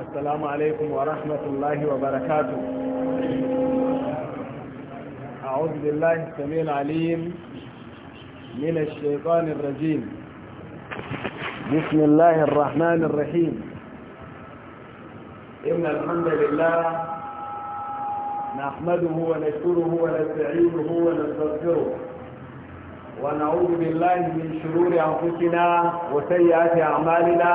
assalamu alaikum wa rahmatullahi wa barakatu a'udhu billahi samin alim min ash-shaytan ar-rajim bismillahi ar-rahman ar-rahim innal hamdalillah nahmaduhu wa nashkuruhu wa nasta'inuhu wa nastaghfiruh wa na'udhu billahi min shururi anfusina wa sayyiati a'malina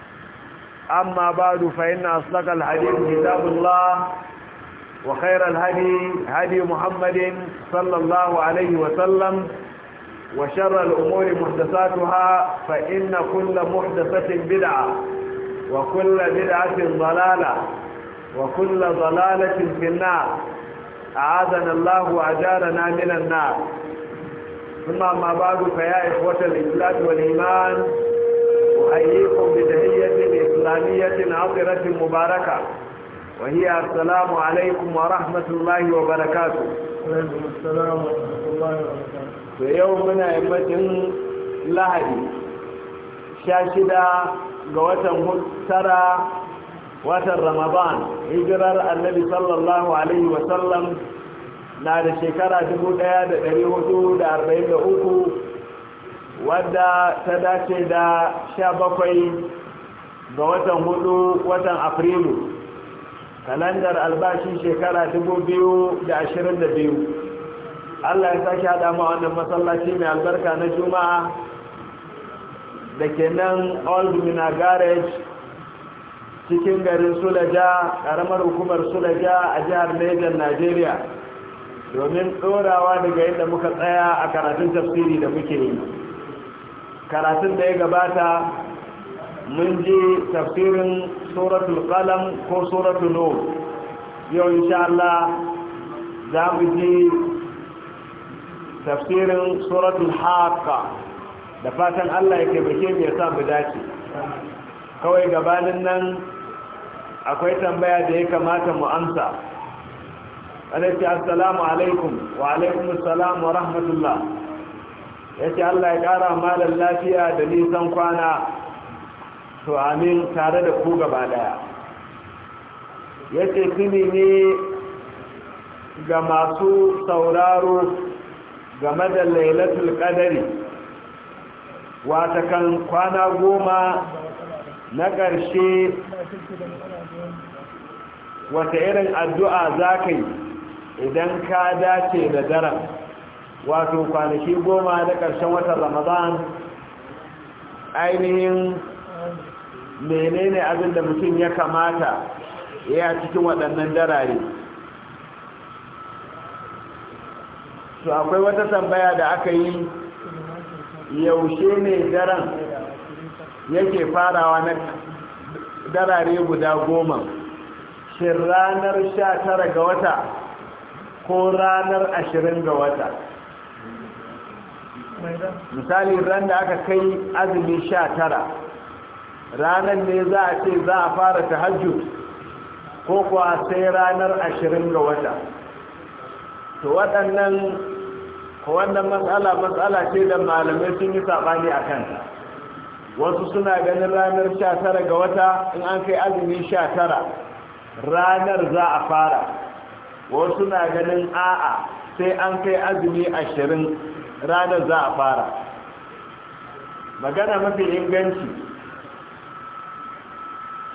أما بعد فإن أصدق الحديث كتاب الله وخير الهدي هدي محمد صلى الله عليه وسلم وشر الأمور محدثاتها فإن كل محدثة بدعة وكل بدعة ضلالة وكل ضلالة في النار أعاذنا الله وأجارنا من النار ثم ما بعد فيا إخوة الإسلام والإيمان أحييكم بدهية إسلامية عطرة مباركة وهي السلام عليكم ورحمة الله وبركاته وعليكم السلام ورحمة الله وبركاته في يوم من أمة لهدي شاشدة قوة ترى watan ramadan hijirar annabi sallallahu alaihi wasallam na da shekara 1443 wadda ta dace da sha bakwai ga watan hudu watan afrilu kalandar albashi shekara biyu. allah ya sake haɗa ma wannan masallaci mai albarka na juma'a da ke nan old mina garage cikin garin sulaja ƙaramar hukumar sulaja a jihar Legas, Najeriya, domin ɗorawa daga yadda muka tsaya a karatun tafsiri da muke yi karatun da ya gabata mun ji tafsirin suratul qalam ko suratul nur yau insha Allah za mu ji tafsirin suratul haqa da fatan Allah yake bace mai ya sa mu dace kawai gabanin nan akwai tambaya da ya kamata mu amsa alaikum assalamu alaikum wa alaikum assalam wa rahmatullah ya ce allah ya ƙara malar lafiya da nisan kwana to amin tare da ku gaba daya ya ce tuni ne ga masu sauraro game da lailatul ƙadari watakan kwana goma na ƙarshe wata irin addu'a za ka yi idan ka dace da daren wato kwanaki goma na ƙarshen watan ramadan ainihin menene abin da mutum ya kamata ya cikin waɗannan darare su akwai wata tambaya da aka yi yaushe ne daren yake farawa na darare guda goma shin ranar sha tara ga wata ko ranar ashirin ga wata misali ran da aka kai azumi sha tara ranar ne za a ce za a fara tahajjud ko kuwa sai ranar ashirin ga wata to waɗannan wannan matsala matsala ce da malamai sun yi saɓani a kanta wasu suna ganin ranar sha ga wata in an kai azumi sha tara ranar za a fara wasu na ganin a'a sai an kai azumi ashirin ranar za a fara magana mafi inganci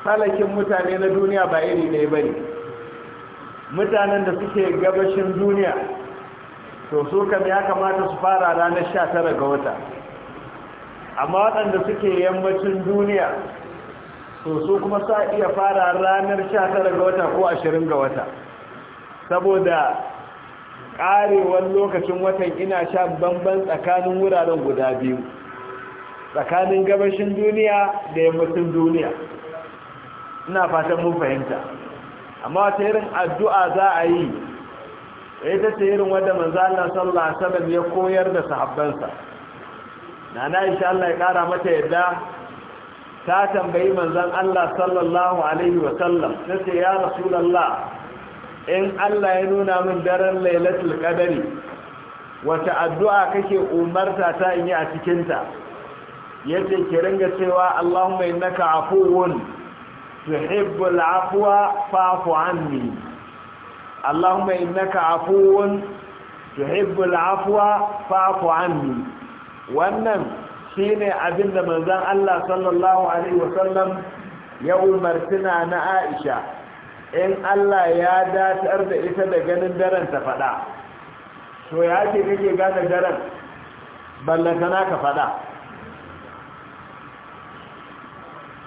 salakin mutane na duniya ba iri ne ba ne mutanen da suke gabashin duniya to su kam ya kamata su fara ranar sha ga wata amma waɗanda suke yammacin duniya to su kuma sa iya fara ranar sha ga wata ko ashirin ga wata saboda karewar lokacin watan ina sha bamban tsakanin wuraren guda biyu tsakanin gabashin duniya da yammacin duniya ina fatan mun fahimta amma wata irin addu'a za a yi ita ta irin wadda manzo Allah sallallahu ya koyar da sahabbansa nana Aisha Allah ya kara mata yadda ta tambayi manzon Allah sallallahu alaihi wasallam ce ya rasulullah in Allah ya nuna min daren lailatul qadari wata addu'a kake umarta ta in yi a cikin ta yace ki ringa cewa Allahumma innaka afuwun tuhibbul afwa fa'fu anni Allahumma innaka afuwun tuhibbul afwa fa'fu anni wannan shine abinda manzon Allah sallallahu alaihi wasallam ya umartina na Aisha in Allah ya datar da ita da ganin daren ta faɗa to ya ce kake gane daren ballantana ka faɗa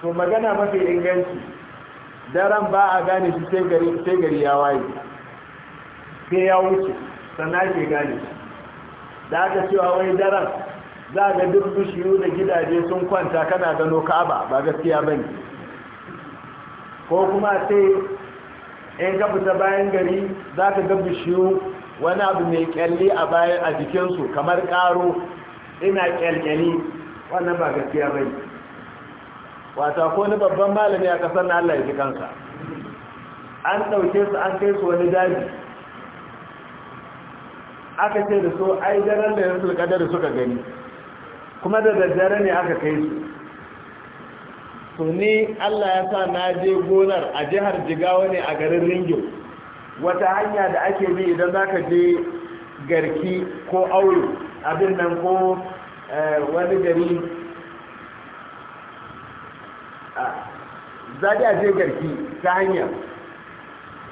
to magana mafi inganci daren ba a gane shi sai gari ya waye sai ya wuce sannan ke gane shi da aka cewa wai daren za ga duk bishiyu da gidaje sun kwanta kana gano ka'aba ba gaskiya bane ko kuma sai in ka fita bayan gari za ka ga bishiyu wani abu mai kyalli a bayan a jikinsu kamar karo ina kyalkyali wannan ba gaskiya ba wata ko ni babban malami a kasar na Allah ya ji kansa an ɗauke su an kai su wani daji aka ce da so ai daren da yanzu kadar suka gani kuma da daddare ne aka kai su to ni Allah ya sa na je gonar a jihar Jigawa ne a garin Ringo wata hanya da ake bi idan zaka je garki ko aure abin nan ko eh, wani gari za a je garki ta hanya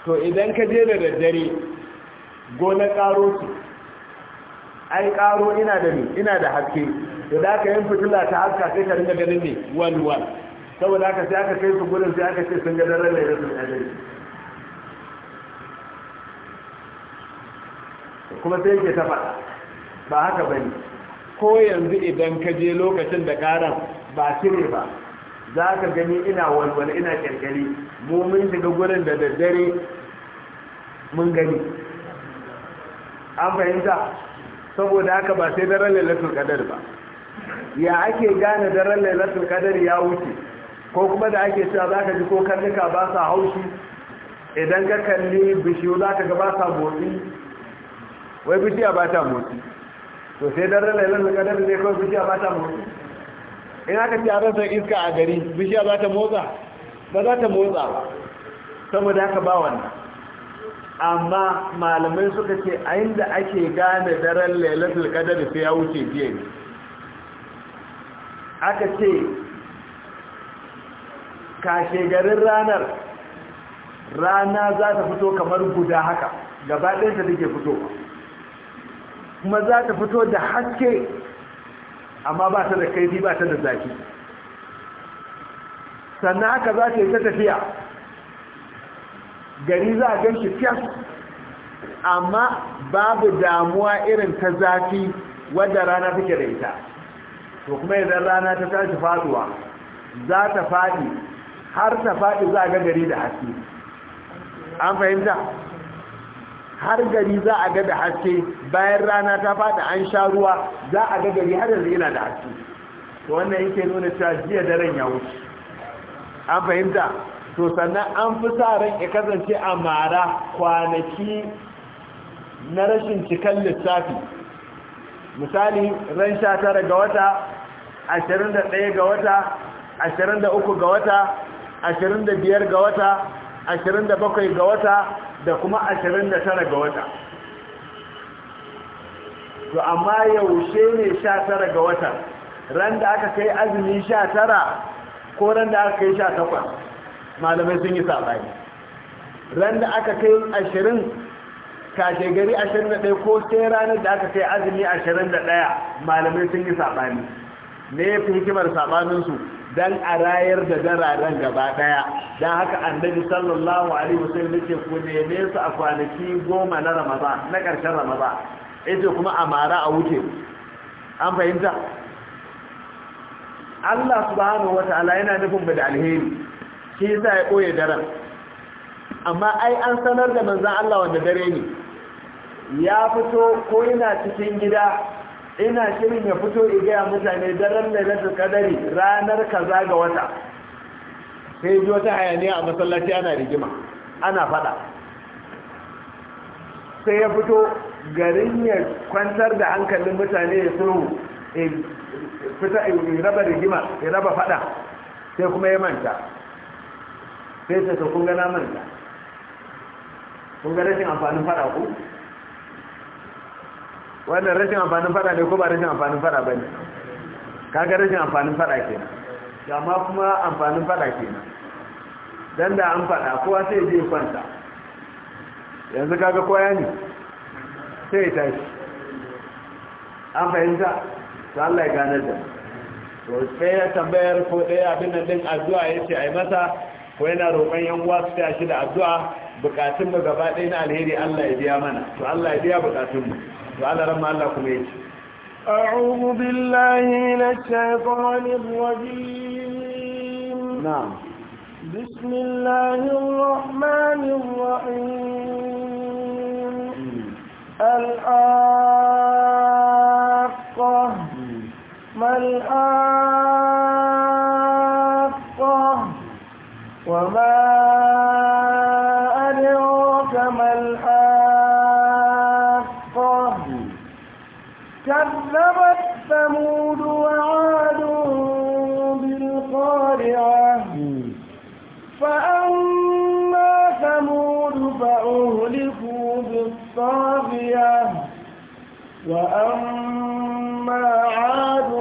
to idan ka je da daddare gona karo ce ai karo ina da ni ina da haske da da ka yin fitila ta haska sai ka dinga ganin ne one one. saboda aka sai aka kai su gudun sai aka ce sun ga daren lailatul qadr kuma sai yake ta faɗa ba haka ba ne. ko yanzu idan ka je lokacin da karan ba cire ba za ka gani ina walwala ina kyalkyali mu shiga gurin da daddare mun gani an fahimta saboda haka ba sai daren da qadr ba ya ake gane daren lailatul qadr ya wuce ko kuma da ake cewa za ka ji ko karnuka ba sa haushi idan ka kalli bishiyu za ka ga ba sa motsi wai bishiya ba ta motsi to sai dan rana ilan kadar ne kawai bishiya ba ta motsi in aka ci a rasa iska a gari bishiya za ta motsa ba za ta motsa ba saboda haka ba wannan amma malamai suka ce a inda ake gane daren lailatul kadar sai ya wuce jiya ne aka ce kashe garin ranar rana za ta fito kamar guda haka ta take fito. kuma za ta fito da haske amma ba ta da kaifi ba ta da zaki sannan haka za ta yi ta tafiya gari za a gan shi fiyas amma babu damuwa irin ta zafi wadda rana take da ita to kuma idan rana ta tashi faduwa za ta faɗi har ta faɗi za a ga gari da haske an fahimta har gari za a ga da haske bayan rana ta faɗi an sha ruwa za a ga gari har yanzu yana da haske to wannan yake nuna cewa jiya daren ya wuce an fahimta to sannan an fi sa ran ya kasance a mara kwanaki na rashin cikan lissafi misali ran sha tara ga wata ashirin da ɗaya ga wata ashirin da uku ga wata 25 ga wata 27 ga wata da kuma 29 ga wata to amma yaushe ne 19 ga wata ran da aka kai azumi 19 ko ran da aka kai 18 malamai sun yi sabani ran da aka kai 20 kashe gari 21 ko sai ranar da aka kai azumi 21 malamai sun yi sabani ne ya fi hikimar sabaninsu dan a rayar da dararen gaba daya dan haka annabi sallallahu alaihi wasallam yake ku neme su a kwanaki goma na ramadan na karshen ramadan yace kuma a mara a wuce an fahimta Allah subhanahu wataala yana nufin mu da alheri shi yasa ya koye daren amma ai an sanar da manzon Allah wanda dare ne ya fito ko yana cikin gida ina shirin ya fito in gaya mutane daren lailatul kadari ranar kaza ga wata sai ji wata hayaniya a masallaci ana rigima ana fada sai ya fito garin ya kwantar da hankalin mutane ya suru fita raba rigima ya raba fada sai kuma ya manta sai ta kun gana manta kun ga amfanin fada ku wannan rashin amfanin fada ne ko ba rashin amfanin fada ba ne kaga rashin amfanin fada ke amma kuma amfanin fada ke don da an fada kowa sai je kwanta yanzu kaga koya ne sai ya tashi an fahimta su Allah ya ganar da to sai ya tambayar ko ɗaya abin nan din addu'a ya ce a yi masa ko yana roƙon yan uwa su tashi da addu'a bukatunmu gaba ɗaya na alheri Allah ya biya mana to Allah ya biya bukatunmu وعلى رب الله كميت أعوذ بالله من الشيطان الرجيم نعم بسم الله الرحمن الرحيم الحاقة ما الحاقة وما وثمود وعاد بالقارعة فأما ثمود فأهلكوا بالطاغية وأما عاد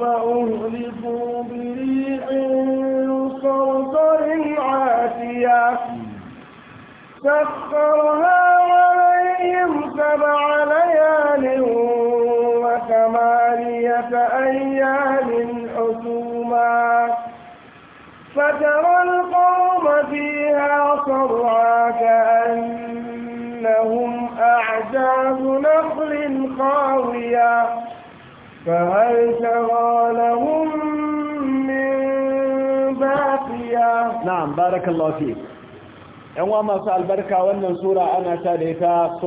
فأهلكوا بريح صرصر عاتية سخرها عليهم سبع ليال ثمانية أيام حسوما فترى القوم فيها صرعا كأنهم أعجاز نخل خاوية فهل ترى لهم من باقية نعم بارك الله فيك yan wa masu وأن wannan sura ana ta da ita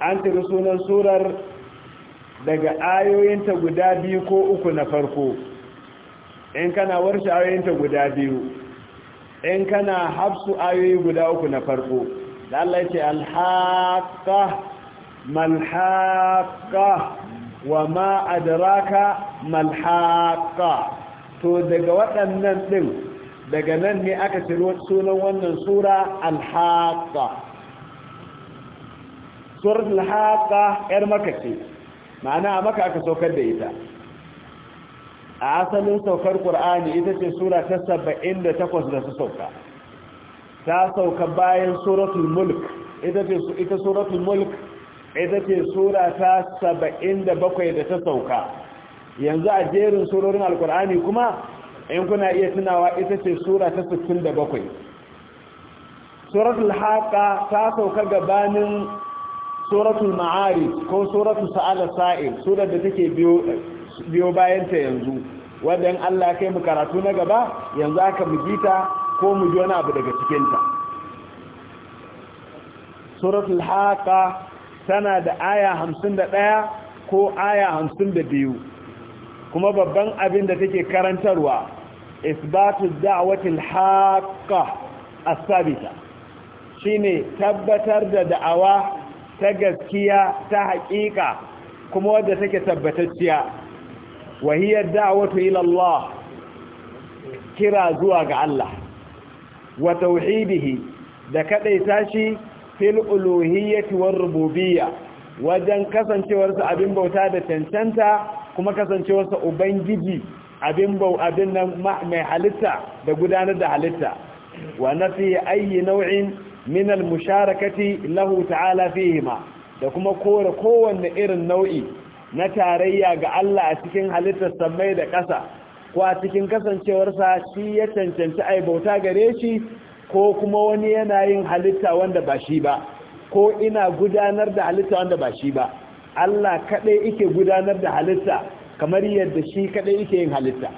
an tiri sunan surar daga ayoyinta guda biyu ko uku na farko in kana warshe ayoyinta guda biyu in kana hafsu ayoyi guda uku na farko da Allah ce alhaka malhaƙa wa ma adraka malhaƙa to daga waɗannan ɗin daga nan ne aka ciro sunan wannan sura alhaka? suratul haƙa yar maka ce ma'ana a maka aka saukar da ita a asalin saukar qur'ani ita ce sura ta 78 da su sauka ta sauka bayan suratul mulk ita ce ita suratul mulk ita ce sura ta 77 da ta sauka yanzu a jerin surorin alqur'ani kuma in kuna iya tunawa ita ce sura ta 67 suratul haqa ta sauka gabanin suratul ma'ari ko suratul Sa'ada sa'il surar da take biyo biyo bayan ta yanzu wanda in Allah kai mu karatu na gaba yanzu aka mu jita ko mu ji wani abu daga cikin ta suratul haqa tana da aya 51 ko aya 52 kuma babban abin da take karantarwa isbatu da'watil haqa as-sabita shine tabbatar da da'awa ta gaskiya ta haƙiƙa kuma wadda take tabbatacciya wahiyar da'awatu ila Allah kira zuwa ga Allah wa tauhidihi da kadaita shi fil uluhiyyati war rububiyya wajen kasancewarsa abin bauta da cancanta kuma kasancewarsa ubangiji abin bau abin nan mai halitta da gudanar da halitta wa nafi ayi nau'in min al-musharakati lahu ta'ala fihima da kuma kore kowanne irin nau'i na tarayya ga Allah a cikin halittar sammai da ƙasa ko a cikin kasancewarsa shi ya cancanci ai bauta gare shi ko kuma wani yana yin halitta wanda ba shi ba ko ina gudanar da halitta wanda ba shi ba Allah kaɗai yake gudanar da halitta kamar yadda shi kaɗai yake yin halitta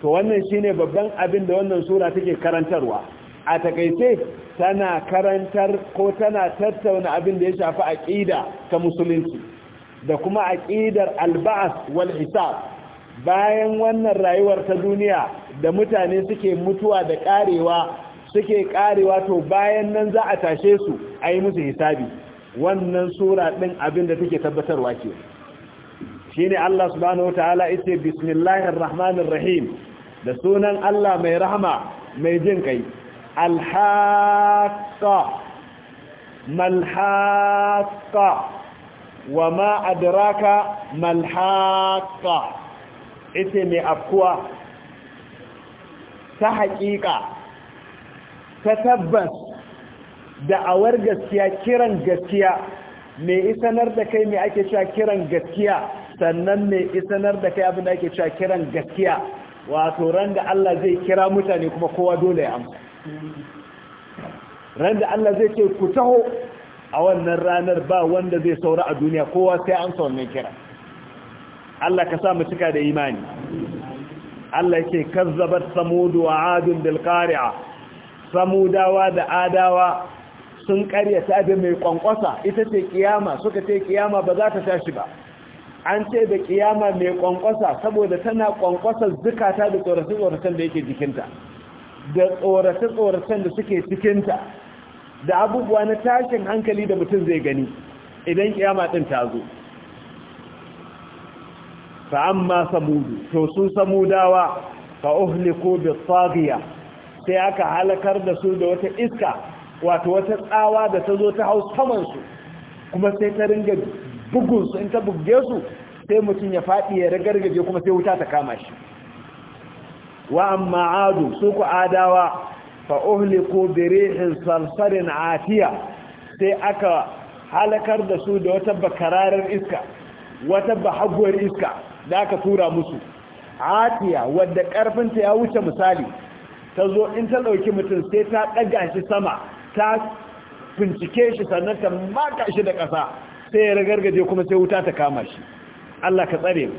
to wannan shine babban abin da wannan sura take karantarwa a takaice tana karantar ko tana tattauna abin da ya shafi aƙida ta musulunci da kuma aƙidar alba'as wal hisab bayan wannan rayuwar ta duniya da mutane suke mutuwa da ƙarewa suke karewa to bayan nan za a tashe su a yi musu hisabi wannan sura ɗin abin da take tabbatarwa ke shine Allah subhanahu wa ta'ala bismillahir rahmanir rahim da sunan Allah mai rahama mai jin kai الحاقة ما الحاقة وما أدراك ما الحاقة ta أفكوة تحقيقة تتبس da'awar gaskiya kiran gaskiya mai isanar da kai mai ake cewa kiran gaskiya sannan mai isanar da kai abin da ake cewa kiran gaskiya wato ran da Allah zai kira mutane kuma kowa dole ya amsa ran da Allah zai ce ku taho a wannan ranar ba wanda zai saura a duniya kowa sai an sa wannan kira Allah ka sa mu cika da imani Allah yake kazzabat samud wa adun bil qari'a samudawa da adawa sun karyata da mai kwankwasa ita ce kiyama suka ce kiyama ba za ta tashi ba an ce da kiyama mai kwankwasa saboda tana kwankwasa zukata da tsoratin tsoratan da yake jikinta da tsorata tsoracen da suke cikinta da abubuwa na tashin hankali da mutum zai gani idan kiyama din ta zo fa amma samudu to su samudawa fa uhliku bi taghiya sai aka halakar da su da wata iska wato wata tsawa da ta zo ta hau saman su kuma sai ta ringa bugun su in ta bugge su sai mutum ya faɗi ya ragargaje kuma sai wuta ta kama shi wa amma adu su ku adawa fa uhliku bi rihin salsarin atiya sai aka halakar da su da wata bakararar iska wata bahaguwar iska da aka tura musu atiya wadda karfinta ya wuce misali ta zo in ta dauki mutum sai ta daga shi sama ta bincike shi sannan ta maka shi da ƙasa sai ya ragargaje kuma sai wuta ta kama shi Allah ka tsare mu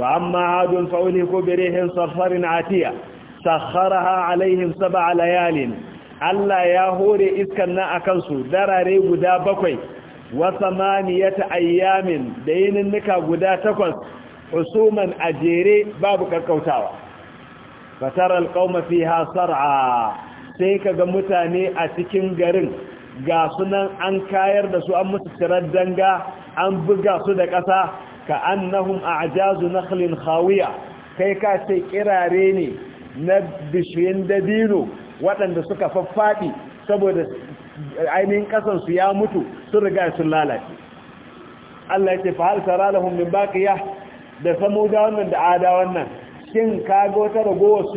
وأما عاد فأولهكوا بريح صرصر عاتية سخرها عليهم سبع ليال ألا يهوري إسكنا أكنسو دراري قدا بكوي وثمانية أيام دين النكا قدا تكون حسوما أجيري بابك الكوتاوة فترى القوم فيها صرعا سيكا قمتاني أتكين قرن قاسنا أنكاير an kayar da su an musu tirar ka annahum a'jazu nakhlin khawiya kai ka ce kirare ne na bishiyin dabino waɗanda suka faffaɗi saboda ainihin ƙasan su ya mutu sun riga sun lalace Allah ya ce fa hal tara lahum min baqiya da samuda wannan da ada wannan shin ka ga wata ragowar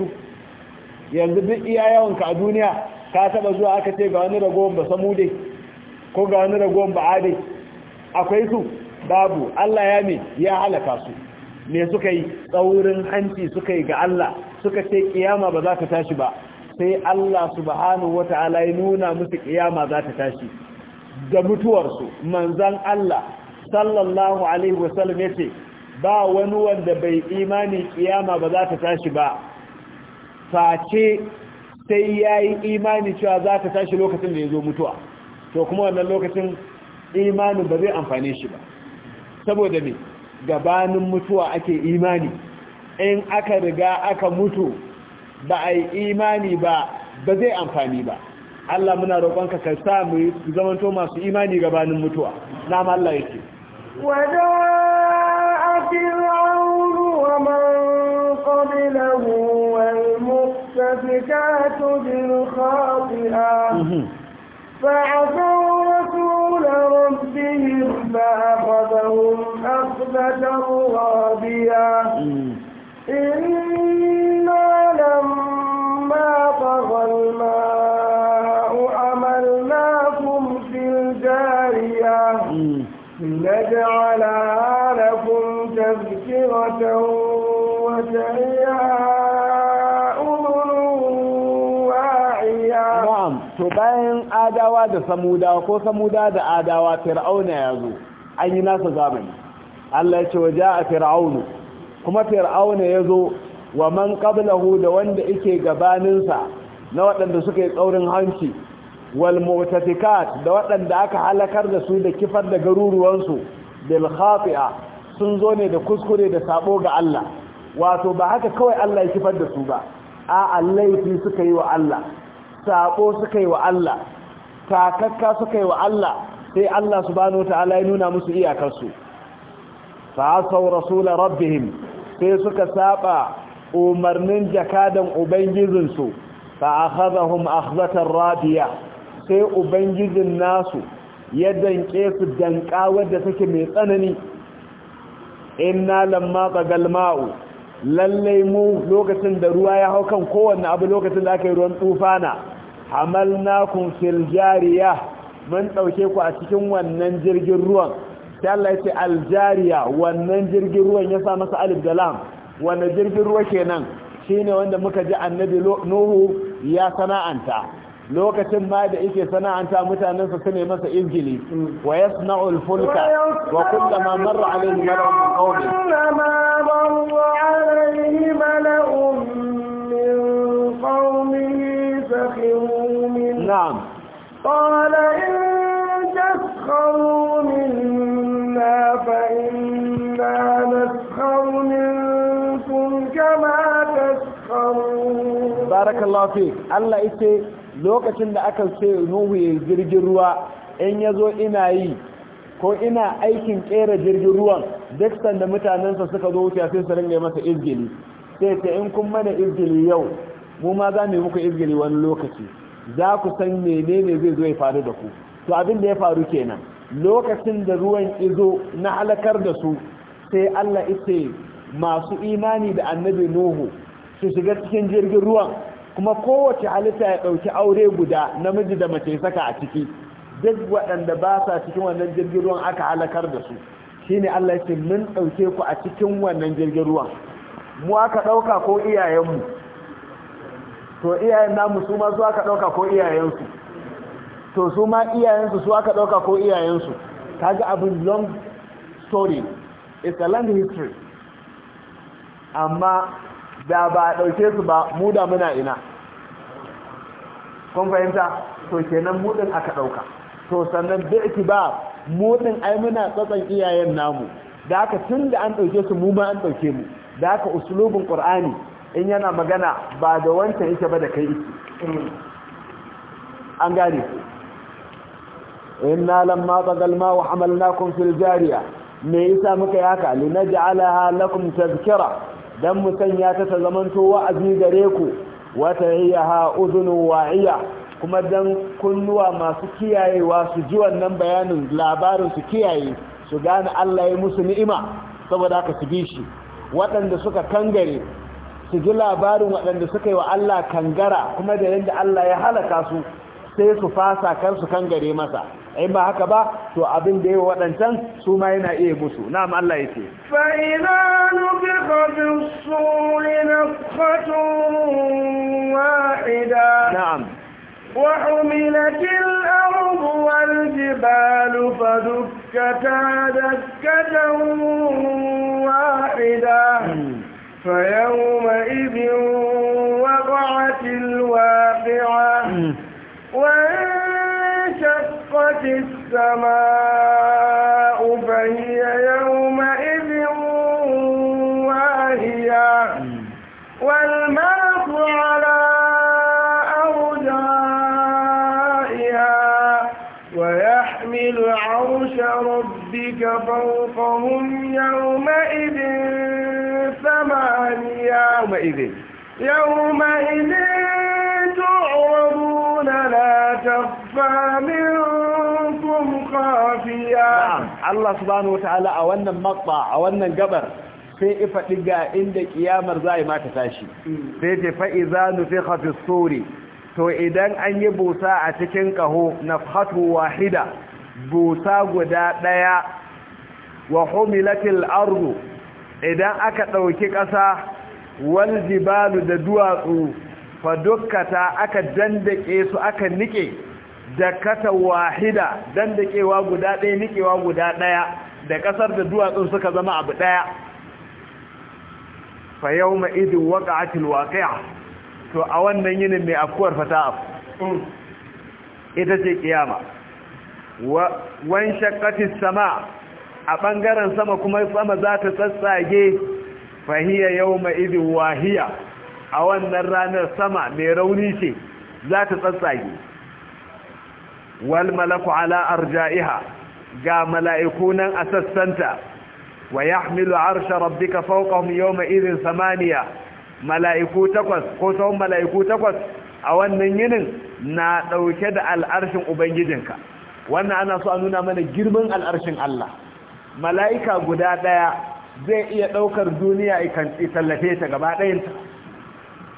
yanzu duk iya yawan ka a duniya ka taba zuwa aka ce ga wani ragon ba samude ko ga wani ragon ba ade akwai su babu Allah ya me ya halaka su me suka yi tsaurin hanci suka yi ga Allah suka ce kiyama ba za ta tashi ba sai Allah subhanahu wata'ala ya nuna musu kiyama za ta tashi da mutuwarsu manzan Allah sallallahu alaihi wasallam ya ce ba wani wanda bai imani kiyama ba za ta tashi ba face sai ya yi imani cewa za ta tashi lokacin da ya zo mutuwa to kuma wannan lokacin imanin ba zai amfane shi ba saboda me gabanin mutuwa ake imani in aka riga aka mutu ba a imani ba ba zai amfani ba Allah muna roƙonka ka sa mu zamanto masu imani gabanin mutuwa na Allah yake وجاء man ومن wal والمؤتفكات bil فعصوا رسول لربهم ربهم فأخذهم أخذة رابية إنا لما طغى الماء أملناكم في الجارية لنجعلها لكم تذكرة وتعيها نعم تبين adawa da samudawa ko samudawa da adawa fir'auna ya zo an yi nasa zamani Allah ya ce wa ja'a fir'aunu kuma fir'auna ya zo wa man qablahu da wanda yake gabaninsa na waɗanda suka yi tsaurin hanci wal da waɗanda aka halakar da su da kifar da garuruwansu bil khafi'a sun zo ne da kuskure da sabo ga Allah wato ba haka kawai Allah ya kifar da su ba a laifi suka yi wa Allah sabo suka yi wa Allah takakka suka yi wa Allah sai Allah subhanahu ta'ala ya nuna musu iyakarsu fa asaw rasul rabbihim sai suka saba umarnin jakadan ubangijinsu fa akhadhahum akhzatan radiya sai ubangijin nasu ya danke su danka wadda take mai tsanani inna lamma qagal ma'u lallai mu lokacin da ruwa ya hau kan kowanne abu lokacin da aka yi ruwan tufana hamalnakum fil jariya mun dauke ku a cikin wannan jirgin ruwan sai Allah ya al jariya wannan jirgin ruwan ya sa masa alif da lam wannan jirgin ruwa kenan shine wanda muka ji annabi nuhu ya sana'anta lokacin ma da yake sana'anta mutanen su ne masa izgili wa yasna'u al fulka wa kullama marra alayhi mala'un min kullama marra alayhi min نعم قال إن تسخروا منا فإنا نسخر منكم كما تسخرون بارك الله فيك الله إتي lokacin da aka سير Nuhu ya jirgin ruwa in ya zo ina yi ko ina aikin kera jirgin ruwan duk sanda mutanensa suka zo wuce sai su ringa masa izgili sai ta in kun mana izgili yau mu ma za mu yi muku izgili wani lokaci za ku san ne zai zo ya faru da ku to abin da ya faru kenan lokacin da ruwan izo na halakar da su sai Allah ita masu imani da annabi Nuhu su shiga cikin jirgin ruwan kuma kowace halitta ya ɗauki aure guda namiji da mace saka a ciki duk waɗanda ba sa cikin wannan jirgin ruwan aka halakar da su shine Allah ya ce mun ɗauke ku a cikin wannan jirgin ruwan mu aka ɗauka ko iyayenmu to iyayen namu su ma su aka ɗauka ko iyayensu to su ma iyayensu su aka ɗauka ko iyayensu kaga a abin long story it's a long history amma da ba a ɗauke su ba mu da muna ina kun fahimta to kenan mudin aka ɗauka to sannan iki ba mudin ai muna tsatsan iyayen namu da haka tun da an ɗauke su mu ma an ɗauke mu da haka usulubin ƙur'ani in yana magana ba da wancan ita ba da kai iki an gane inna lamma bagal ma wa hamalnakum fil jariya me yasa muka yi haka naj'alaha lakum tadhkira dan mu sanya ta ta zamanto wa'azi gare ku wa ha udhunu wa'iya kuma dan kunnuwa masu kiyayewa su ji wannan bayanin labarin su kiyaye su gane Allah ya musu ni'ima saboda haka su bi shi waɗanda suka kangare su ji labarin waɗanda suka yi wa Allah kangara kuma da yadda Allah ya halaka su sai su fasa kar su kangare masa in ba haka ba to abin da yawa waɗancan su ma yana iya musu na'am Allah ya ce fa'ina nufiqa na'am وحملت الأرض والجبال فدكتا دكة واحدة فيومئذ وقعت الواقعة وانشقت السماء فهي يومئذ واهية والملك على أرجائها ويحمل عرش ربك فوقهم يومئذ السمعان يومئذ يومئذ تعرضون لا تخفى منكم خافية نعم الله سبحانه وتعالى أولنا مقطع أولنا قبر sai ifa diga inda kiyamar zai ma ta tashi sai ta fa iza fi to idan an yi busa a cikin kaho nafhatu wahida busa guda daya wa humilatil ardu idan aka ɗauki ƙasa wani jibalu da duwatsu fa dukkata aka dandake su aka nike da kata wahida dandakewa guda ɗaya nikewa guda ɗaya da ƙasar da duwatsu suka zama abu ɗaya fa yau ma'idin waƙa'atil waƙi'a to a wannan yinin mai afkuwar fata abu ita ce ƙiyama wan shakkatis sama a ɓangaren sama kuma sama za ta sassage fahiyar yau ma'idin wahiya a wannan ranar sama mai rauni ce za ta tsatsage wal malaku ala arja'iha ga mala'iku nan a sassanta wa yahmilu arsha ka fawqahum yawma idhin samaniya mala'iku takwas ko tsawon mala'iku takwas a wannan yinin na ɗauke da al'arshin ubangijinka wannan ana so a nuna mana girman al'arshin Allah mala'ika guda ɗaya zai iya ɗaukar duniya a tallafe ta gaba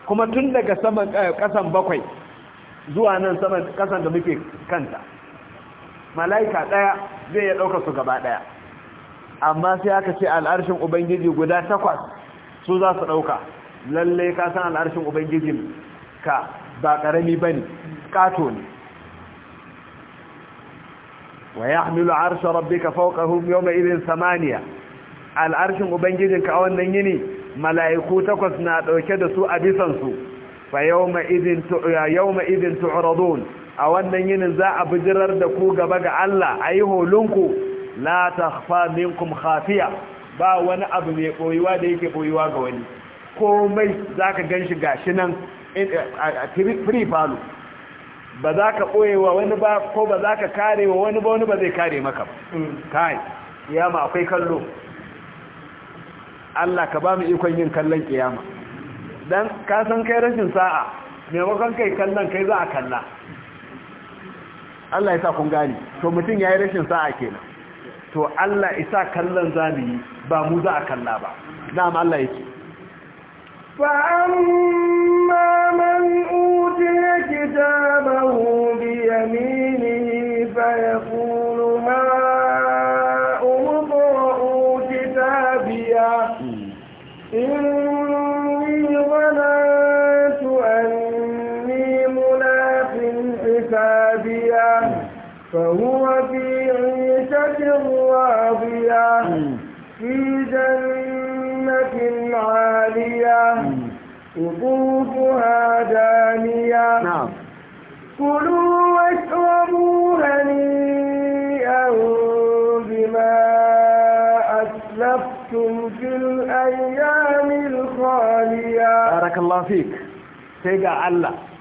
kuma tun daga saman eh, ƙasan bakwai zuwa nan saman ƙasan da muke kanta mala'ika ɗaya zai iya ɗaukar su gaba ɗaya amma sai aka ce al'arshin ubangiji guda takwas su za su ɗauka lallai ka san al'arshin ubangijin ka ba ƙarami ba ne ƙato ne ويحمل عرش ربك فوقهم يومئذ ثمانية العرش أبنجدك أولا يني ملائكوتك سنادوكد سوء بسنسو فيومئذ يومئذ تعرضون أولا يني زاء بجرر دكوك بقى الله أيه لنكو لا تخفى منكم خافية با وانا abu mai koyuwa da yake koyuwa ga wani komai za ka gan ba za ka ɓoyewa wani ba ko ba za ka kare wa wani ba wani ba zai kare maka mm. kai kiyama akwai kallo Allah ka ba mu ikon yin kallon kiyama dan ka san kai rashin sa'a maimakon kai kallon kai za a kalla Allah ya sa kun gani to mutum ya yi rashin sa'a kenan to Allah isa kallon mu yi ba mu za a kalla ba na'am Allah yake fa amma man كتابه بيمينه فيقول ها أمضعوا كتابيا إني ظننت أني ملاق حسابيا فهو في عيشة راضية في جنة عالية قطوفها دانية نعم كلوا واشربوا هنيئا بما أسلفتم في الأيام الخالية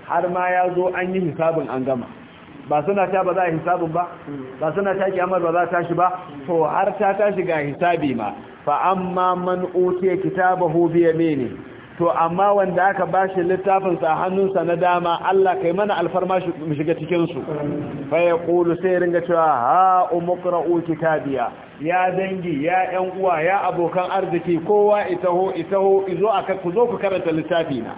har ma ya zo an yi hisabin an gama ba suna ta ba za a hisabin ba ba suna ta kyamar ba za tashi ba to har ta tashi ga hisabi ma fa amma man utiya kitabahu bi yamini to amma wanda aka bashi littafinsa sa hannunsa na dama Allah kai mana alfarma mu shiga cikin su fa sai ringa cewa ha umqra'u kitabiya ya dangi ya ƴan uwa ya abokan arziki kowa itaho itaho izo aka ku zo ku karanta littafi na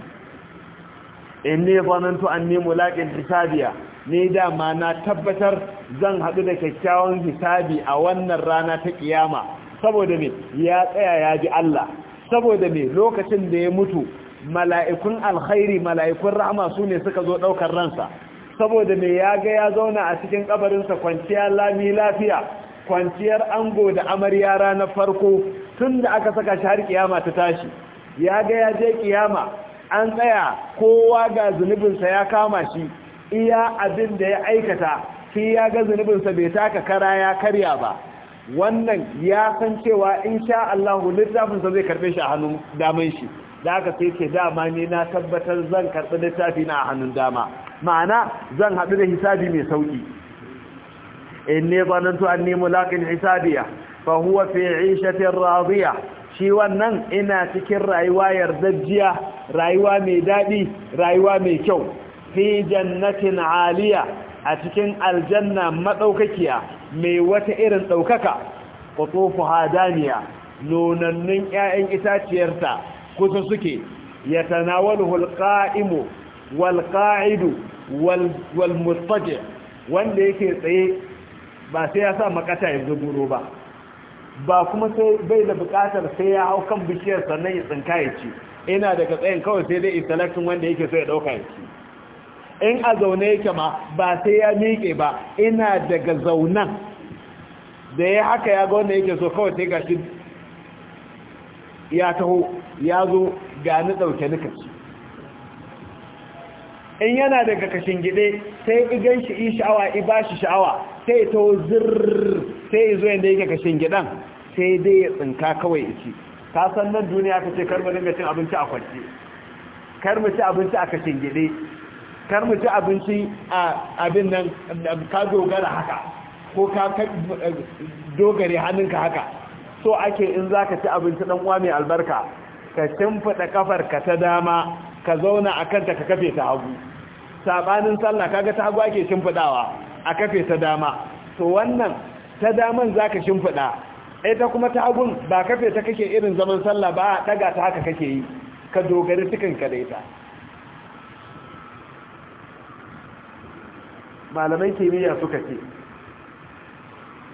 inni zanantu anni mulaqin kitabiya? ni da ma na tabbatar zan hadu da kyakkyawan hisabi a wannan rana ta kiyama saboda ne ya tsaya ya ji Allah saboda me lokacin da ya mutu mala'ikun alkhairi mala'ikun rahama su ne suka zo ɗaukar ransa saboda me ya ga ya zauna a cikin ƙabarinsa kwanciyar lami lafiya kwanciyar ango da amarya ranar farko tun da aka saka shi har kiyama ta tashi ya ga ya je kiyama an tsaya kowa ga zunubinsa ya kama shi iya abin da ya aikata shi ya ga zunubinsa bai taka kara ya karya ba wannan ya san cewa in sha Allah sa zai karbe shi a hannun daman shi da aka sai ke dama ne na tabbatar zan karɓi littafi na a hannun dama ma'ana zan haɗu da hisabi mai sauƙi in ne zanantu an nemo laƙin hisabiya fa huwa fi ishatin radiya shi wannan ina cikin rayuwa yardajjiya rayuwa mai daɗi rayuwa mai kyau fi jannatin aliya a cikin aljanna madaukakiya mai wata irin ɗaukaka ƙwaƙofu hadaniya nonannin 'ya'yan itaciyarta kusa suke ya tanawalu hulƙa'imu walƙa'idu walmustaje wanda yake tsaye ba sai ya sa makata ya zuguro ba ba kuma sai bai da buƙatar sai ya hau kan bishiyar sannan ya tsinka ya ci ina daga tsayin kawai sai dai intellectin wanda yake so ya ɗauka ya ci in a zaune yake ma ba sai ya miƙe ba ina daga zaunan da ya haka ya ga wanda yake so kawai sai gashi ya taho ya zo ga ni ɗauke ni kashi in yana daga kashin gide sai igan shi yi sha'awa i ba shi sha'awa sai taho zirr sai zo yadda yake kashin gidan sai dai ya tsinka kawai ici ta san nan duniya ka ce karmu dinga cin abinci a kwanci karmu ci abinci a kashin gide kar mu ci abinci a abin nan ka dogara haka ko ka dogare hannunka haka so ake in za ka ci abinci ɗan uwa mai albarka ka shimfiɗa kafar ka ta dama ka zauna a kanta ka kafe ta hagu saɓanin sallah kaga ta hagu ake shimfiɗawa a kafe ta dama to wannan ta daman za ka shimfiɗa ta kuma ta hagun ba kafe ta kake irin zaman sallah ba a ɗaga ta haka kake yi ka dogari cikin ka daita Malamai kimiyya suka ce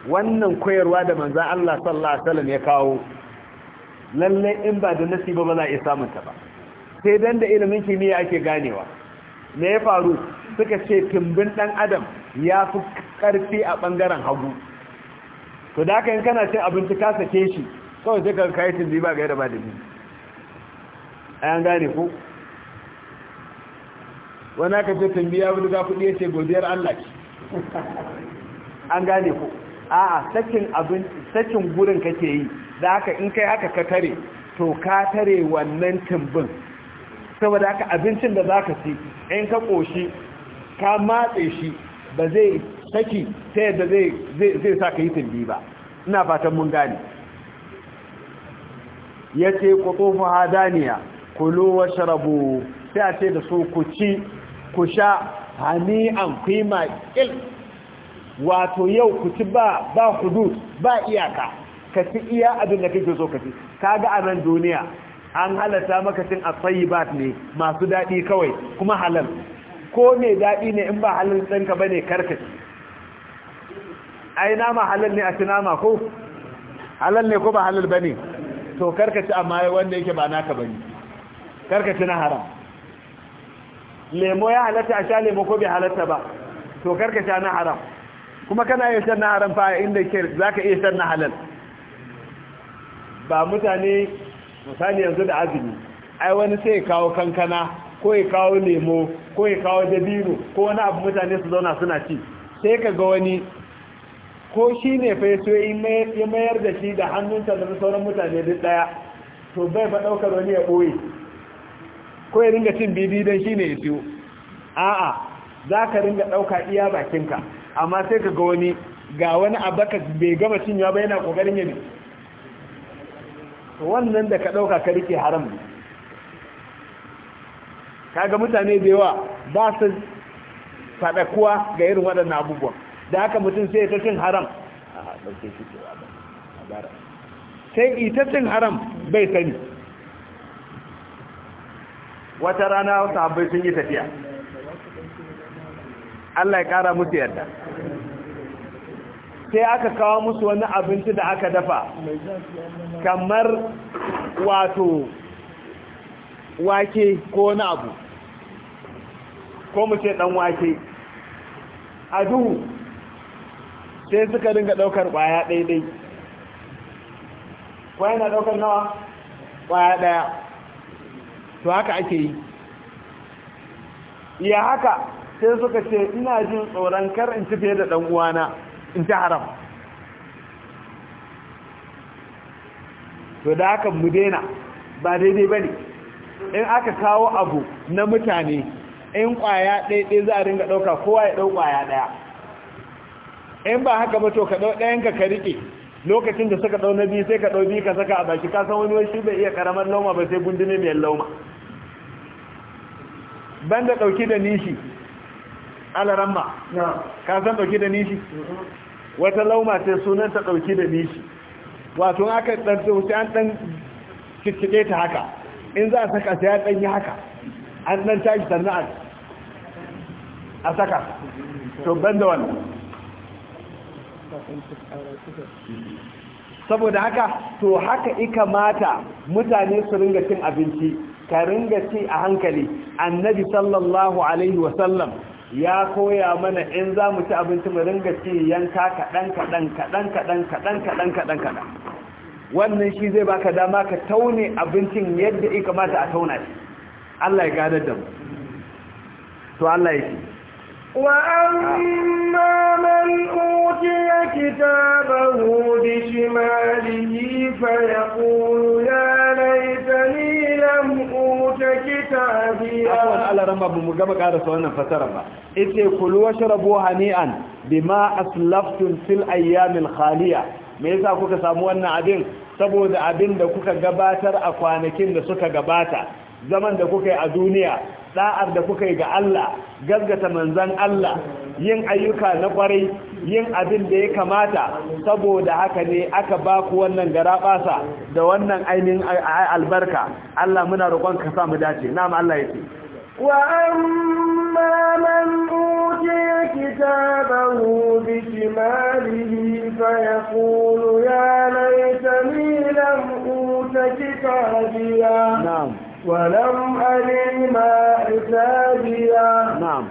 wannan koyarwa da manzan Allah sallallahu Alaihi wasallam ya kawo lallai in ba da nasi ba ba za a iya samunta ba sai dan da ilimin kimiyya ake ganewa me ya faru suka ce tumbin dan adam ya fi karfi a bangaren hagu to da kai in kana cin abinci ka sake shi kawai sai ka kai tumbi ba ga yadda ba da ni an gane ko wani aka ce tambiya wani ga kuɗi ya ce godiyar Allah ce an gane ku a'a sakin abin sakin gurin kake yi da aka in kai haka ka tare to ka tare wannan tumbin saboda haka abincin da za ka ci in ka koshi ka matse shi ba zai saki ta yadda zai sa ka yi tumbi ba ina fatan mun gane ya ce ku tsofa hadaniya wa sharabu sai a ce da su ku ci ku sha hani'an ku yi maƙil wato yau ku ci ba ba hudud ba iyaka ka ci iya abin da kake so ka ci kaga a nan duniya an halatta maka cin asayibat ne masu daɗi kawai kuma halal ko ne daɗi ne in ba halal ka ba ne ci? ai na ma halal ne a ci nama ko halal ne ko ba halal bane to karka ci amma wanda yake ba naka bane karka ci na haram lemo ya halatta a sha lemo ko bai halatta ba to karka sha na haram kuma kana iya shan na haram fa inda ke za ka iya shan na halal ba mutane misali yanzu da azumi ai wani sai ya kawo kankana ko ya kawo lemo ko ya kawo dabino ko wani abu mutane su zauna suna ci sai ka ga wani ko shi ne fa ya mayar da shi da hannunta da sauran mutane duk daya to bai ba daukar wani ya boye ko ya ringa cin bibi don shi ne ya siyo a'a za ka ringa ɗauka iya bakinka amma sai ka ga wani ga wani abaka bai gama cinyewa ba yana ƙoƙarin yi wannan da ka ɗauka ka rike haram ne kaga mutane da yawa ba su faɗakuwa ga irin waɗannan abubuwan da haka mutum sai ta cin haram sai ita cin haram bai sani wata rana sahabbai sun yi tafiya Allah ya kara musu yadda sai aka kawo musu wani abinci da aka dafa kamar wato wake ko wani abu ko mu ce dan wake a duhu sai suka dinga daukar kwaya daidai kwaya na daukar nawa kwaya ɗaya. to haka ake yi ya haka sai suka ce ina jin tsoron kar in ci fiye da ɗan uwana in ci haram to da haka mu daina ba daidai ba ne in aka kawo abu na mutane in kwaya ɗaiɗai za a ringa ɗauka kowa ya ɗau kwaya ɗaya in ba haka ba to ka ɗau ɗayan ka ka riƙe lokacin da suka ɗau na biyu sai ka ɗau biyu ka saka a baki ka san wani wani shi bai iya ƙaramar lauma ba sai gundume mai lauma banda ɗauki da nishi alaramma ka san ɗauki da nishi wata lauma ce sunan ta ɗauki da nishi wato aka dan sai an dan cicciɗe ta haka in za a saka sai an dan yi haka an dan tashi sannan a saka to banda wannan saboda haka to haka ika mata mutane su ringa cin abinci ka ringa ci a hankali annabi sallallahu alaihi wasallam ya koya mana in za mu ci abinci mu ringa ci yanka kaɗan kaɗan kaɗan kaɗan kaɗan kaɗan kaɗan kaɗan wannan shi zai baka dama ka taune abincin yadda ya kamata a tauna shi Allah ya gadar da mu to Allah ya ce utiya kitabahu bi shimalihi fa yaqulu يا ليت akwai alaran ba mu gaba karasa wannan fasarar ba ita kulu wa sharabu hani'an bima aslaftun fil ayyamil khaliya me yasa kuka samu wannan abin saboda abin da kuka gabatar a kwanakin da suka gabata zaman da kuka yi a duniya da'ar da kuka yi ga Allah gaggata manzan Allah yin ayyuka na kwarai yin abin da ya kamata saboda haka ne aka ba ku wannan garabasa da wannan ainihin albarka Allah muna roƙon ka sa mu dace na'am Allah yake wa amma man utiya kitabahu bi shimalihi fa yaqulu ya laytani lam uta kitabiya ولم أدر ما حسابيا نعم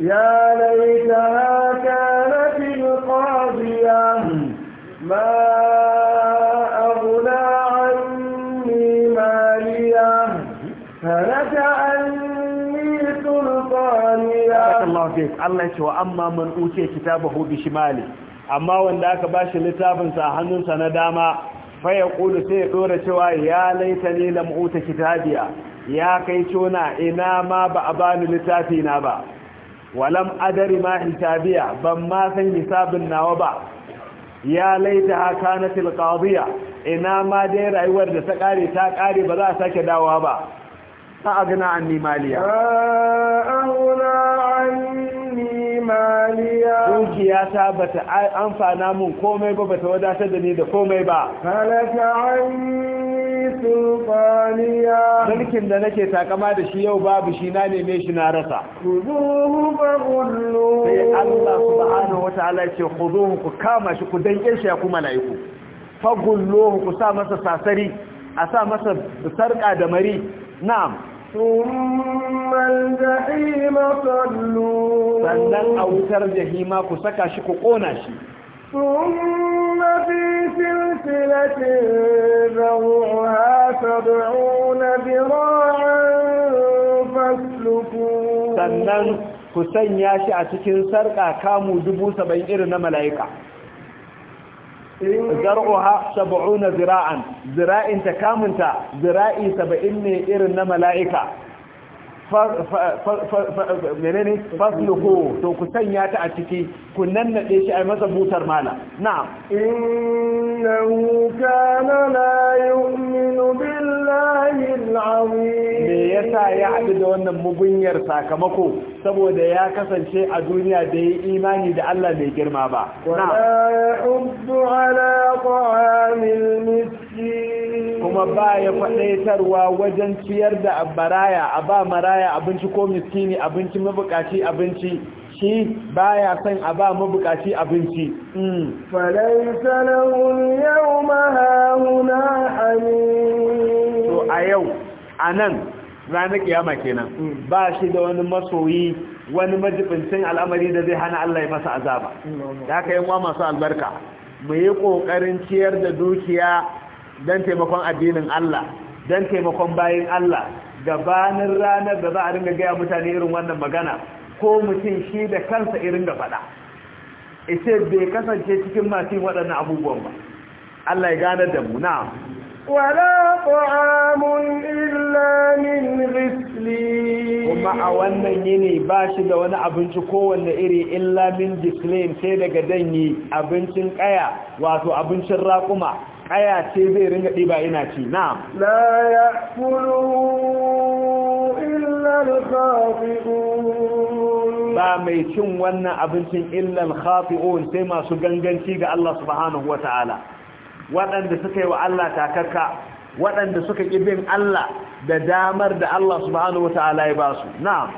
يا ليتها كانت القاضية ما أغنى عني مالية هلك عني سلطانية الله فيك الله يشوى أما من أوتي كتابه بشماله amma wanda aka bashi littafinsa a hannunsa na dama faya Kulu sai ya ɗora cewa ya laita ne lam'uta kitabiya ya kai cona ina ma ba a bani littafi na ba walam adari ma kitabiya ban ma san hisabin nawa ba ya laita haka na tilkaziya ina ma dai rayuwar da ta ƙare ta ƙare ba za a sake dawowa ba فأغنى عني ماليا أغنى عني ماليا دوكي يا سابة أنفع نامون كومي بابا تودا سدني دا كومي با فلك عني سلطانيا ملكن دا نكي تاكما دا شيو باب شيناني ميش نارسا خذوه فغلوه الله سبحانه وتعالى خذوه كما شكو دنجل شاكو ملايكو فغلوه كسا مسا ساسري أسا مسا سرقا دمري na'am sannan a wutar jahima ku saka shi ku ƙona shi ثم sannan ku sanya shi a cikin sarƙa kamu dubu saba'in irin na mala'ika zar'uha sab'una zira'an zira'in ta kamunta zira'i saba'in ne irin na mala'ika menene fasluhu to ku sanya ta a ciki ku nannade shi a masa butar mala na'am innahu kana la yu'minu billahi al'azim me yasa ya haɗu da wannan mugunyar sakamako saboda ya kasance a duniya da yi imani da Allah mai girma ba na'am kuma ba ya faɗaitarwa wajen ciyar da baraya a ba maraya abinci ko miskini abinci mabukaci abinci shi ba ya son a ba mabukaci abinci hmm. Falai lahun yau mahahuna hannun to a yau a nan ranar kiyama kenan hmm. ba shi da wani masoyi wani majibincin al'amari da zai hana Allah ya masa azaba hmm. da aka yi wa masu albarka mu yi ƙoƙarin ciyar da dukiya don taimakon addinin Allah don taimakon bayin Allah gabanin ranar da za a ringa gaya mutane irin wannan magana ko mutum shi da kansa irin da faɗa ita bai kasance cikin masu waɗannan abubuwan ba Allah ya gane da mu na wala ta'amun illa min ghisli kuma a wannan yini ba shi da wani abinci kowanne iri illa min gislin sai daga danyi abincin kaya wato abincin raƙuma kaya ce zai ringa ɗiba yana ci na la ya kulu illal khafi'un ba mai cin wannan abincin illal khafi'un sai masu ganganci ga Allah subhanahu wata'ala waɗanda suka yi wa Allah takarka waɗanda suka ƙi bin Allah da damar da Allah subhanahu wata'ala ya ba su na'am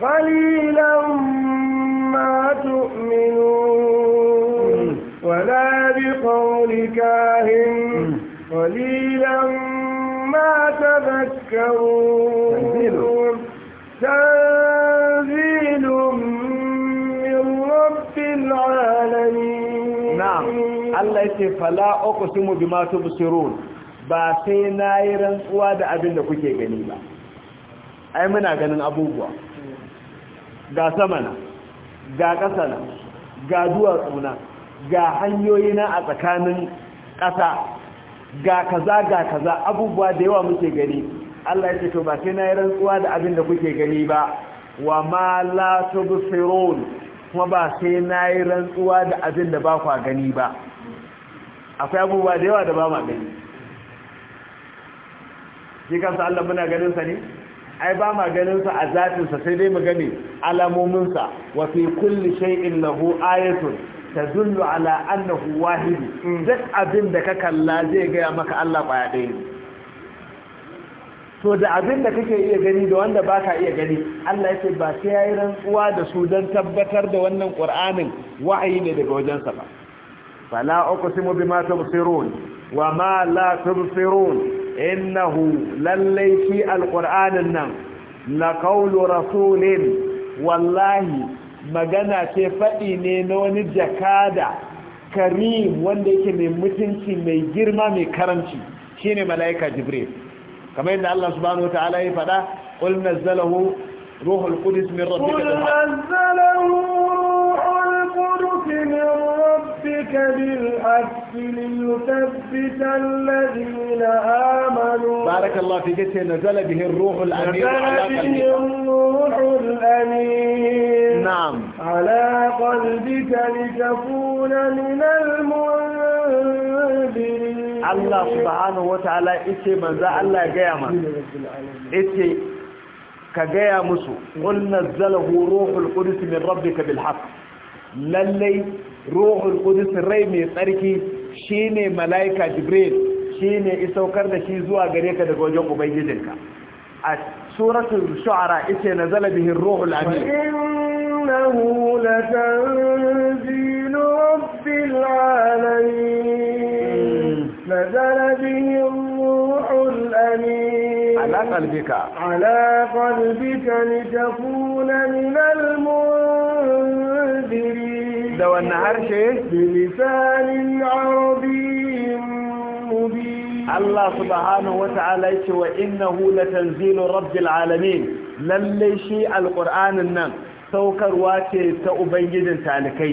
قليلا ما تؤمنون ولا بقول كاهن قليلا ما تذكرون تنزيل من رب العالمين Allah ya ce fala oku su mu bi masu busirun ba sai na yi rantsuwa da abin da kuke gani ba, ai muna ganin abubuwa. ga samana ga na, ga duwatsuna ga hanyoyi na a tsakanin ƙasa ga kaza ga kaza abubuwa da yawa muke gani Allah ya ce to ba sai na yi rantsuwa da abin da kuke gani ba wa ma la tubsirun kuma ba sai na yi rantsuwa da abin da ba kwa gani ba akwai abubuwa da yawa da ba ma gani shi kansa Allah muna ganin sa ne ai ba ma ganin sa a zatin sa sai dai mu gani alamomin sa wa fi kulli shay'in lahu ayatun tadullu ala annahu wahidi mm. duk abin da ka kalla zai ga maka Allah kwaya ɗaya ne to da abin da kake iya gani da wanda baka iya gani Allah yake ba sai yayi rantsuwa da su dan tabbatar da wannan Qur'anin wahayi ne daga wajensa ba fala uqsimu bima tubsirun wa ma la tubsirun innahu lallai shi alqur'anin nan la qawlu rasulin wallahi magana ce fadi ne na wani jakada karim wanda yake mai mutunci mai girma mai karanci shine malaika jibril kamar yadda Allah subhanahu wataala ya faɗa qul nazzalahu ruhul qudus min rabbika qul nazzalahu ruhul qudus min ذلك بالحق ليثبت الذين آمنوا بارك الله فيك نزل به الروح الأمين نزل به الروح الأمين نعم على قلبك لتكون من المنذرين الله سبحانه وتعالى إتي من ذا الله قيامة إتي مسو قل نزله روح القدس من ربك بالحق للي ruhul kudus rai mai tsarki shine malaika jibril shine isaukar da shi zuwa gare ka daga wajen ubangijinka a suratul shu'ara ita nazala bihi ruhul amin innahu latanzilu rabbil alamin mm. nazala bihi ruhul amin على قلبك على قلبك لتكون من المنذرين da wannan harshe bilisanin arabiyyin mubin Allah subhanahu wata'ala yace wa innahu latanzilu rabbil alamin lalle shi alqur'anin nan saukarwa ce ta ubangijin talikai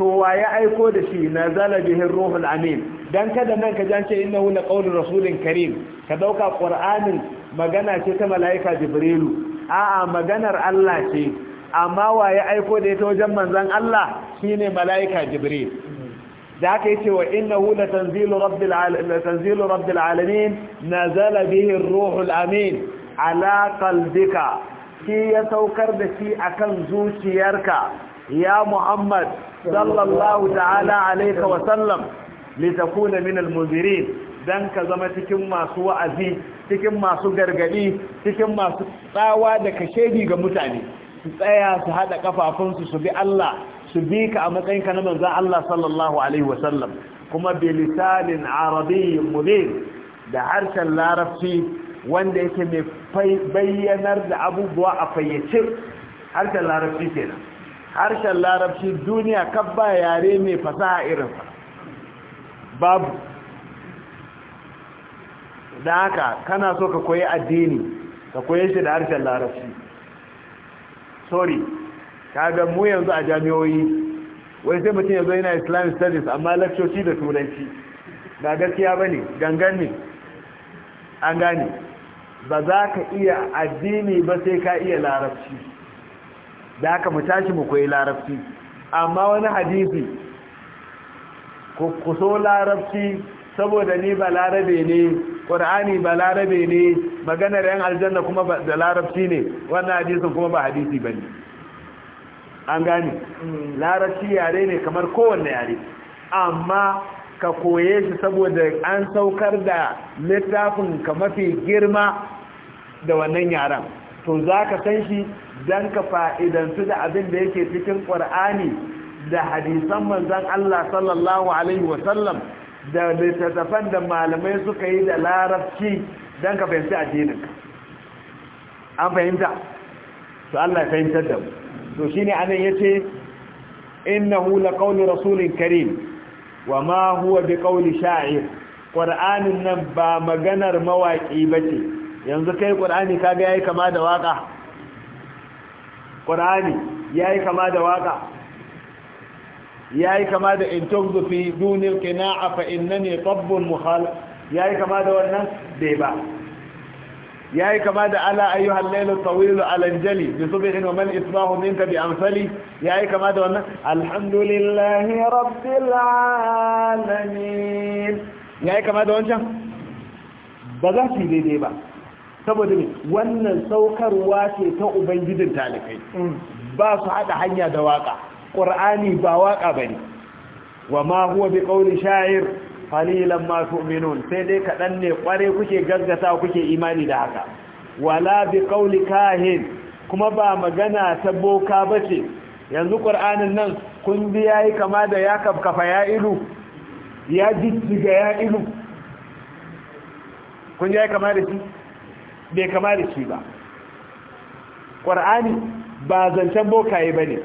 to waye aiko da shi nazala bihi ruhul amin dan kada nan ka jance innahu laqawlu rasulin karim ka dauka qur'anin magana ce ta malaika jibrilu a'a maganar Allah ce amma ya aiko da ita wajen manzon Allah shine malaika jibril da haka yace wa innahu la tanzilu rabbil alamin la tanzilu rabbil ruhul amin ala qalbika shi ya saukar da shi akan zuciyarka ya muhammad sallallahu ta'ala alayka wa sallam litakuna min al-munzirin dan ka zama cikin masu wa'azi cikin masu gargadi cikin masu tsawa da shaidi ga mutane su tsaya su haɗa kafafunsu su bi Allah su bi ka a matsayinka na manzan Allah sallallahu alaihi wasallam kuma bilisanin arabiyyin mubin da harshen larabci wanda yake mai bayyanar da abubuwa a fayyace harshen larabci kenan harshen larabci duniya kabba yare mai fasaha irinsa babu da haka kana so ka koyi addini ka koyi shi da harshen larabci sorry kaga mu yanzu a jami'oyi wai sai mutum yanzu yana islamic studies amma lakcoci da turanci ga gaskiya ba ne gangan ne an gane ba za ka iya addini ba sai ka iya larabci da haka mu tashi mu koyi larabci amma wani hadisi ku so larabci saboda ni ba Larabe ne ƙur'ani Larabe ne maganar yan aljanna kuma da larabci ne wannan hadisin kuma ba hadisi ba ne an gane mm. larabci yare ne kamar kowanne yare amma ka koye shi saboda an saukar da littafin ka mafi girma da wannan yaren to za ka san shi don ka fa'idansu da abin da yake cikin ƙur'ani da hadisan manzan Allah sallallahu Alaihi wasallam da littattafan da malamai suka yi da larabci don ka fahimci addinin an fahimta to Allah ya fahimtar da mu to ne anan ya ce, yace innahu laqawli rasulun karim ma huwa bi biqawli sha'ir qur'anin nan ba maganar mawaki ce. yanzu kai qur'ani kaga yayi kama da yayi kama da waƙa. Ya yayi kama da in tugdu fi dunil qina'a fa innani tabbun ya yayi kama da wannan bai ba yayi kama da ala ayyuha al-layl at-tawil al-anjali bi subhin wa man isbahu minka bi amsali yayi kama da wannan alhamdulillahi rabbil alamin yayi kama da wancan ba za su daidai ba saboda ne wannan saukarwa ce ta ubangijin talikai mm. ba su haɗa hanya da waka ƙur'ani ba waƙa ba ne wa ma huwa bi ƙauni sha'ir qalilan ma tu'minun sai dai kaɗan ne ƙware kuke gaggata kuke imani da haka wala bi ƙauni kahin kuma ba magana ta boka bace yanzu ƙur'anin nan kun bi yayi kama da ya kafkafa ya ilu ya ga ya ilu kun yayi kama da shi bai kama da shi ba ƙur'ani ba zancen bokaye ba ne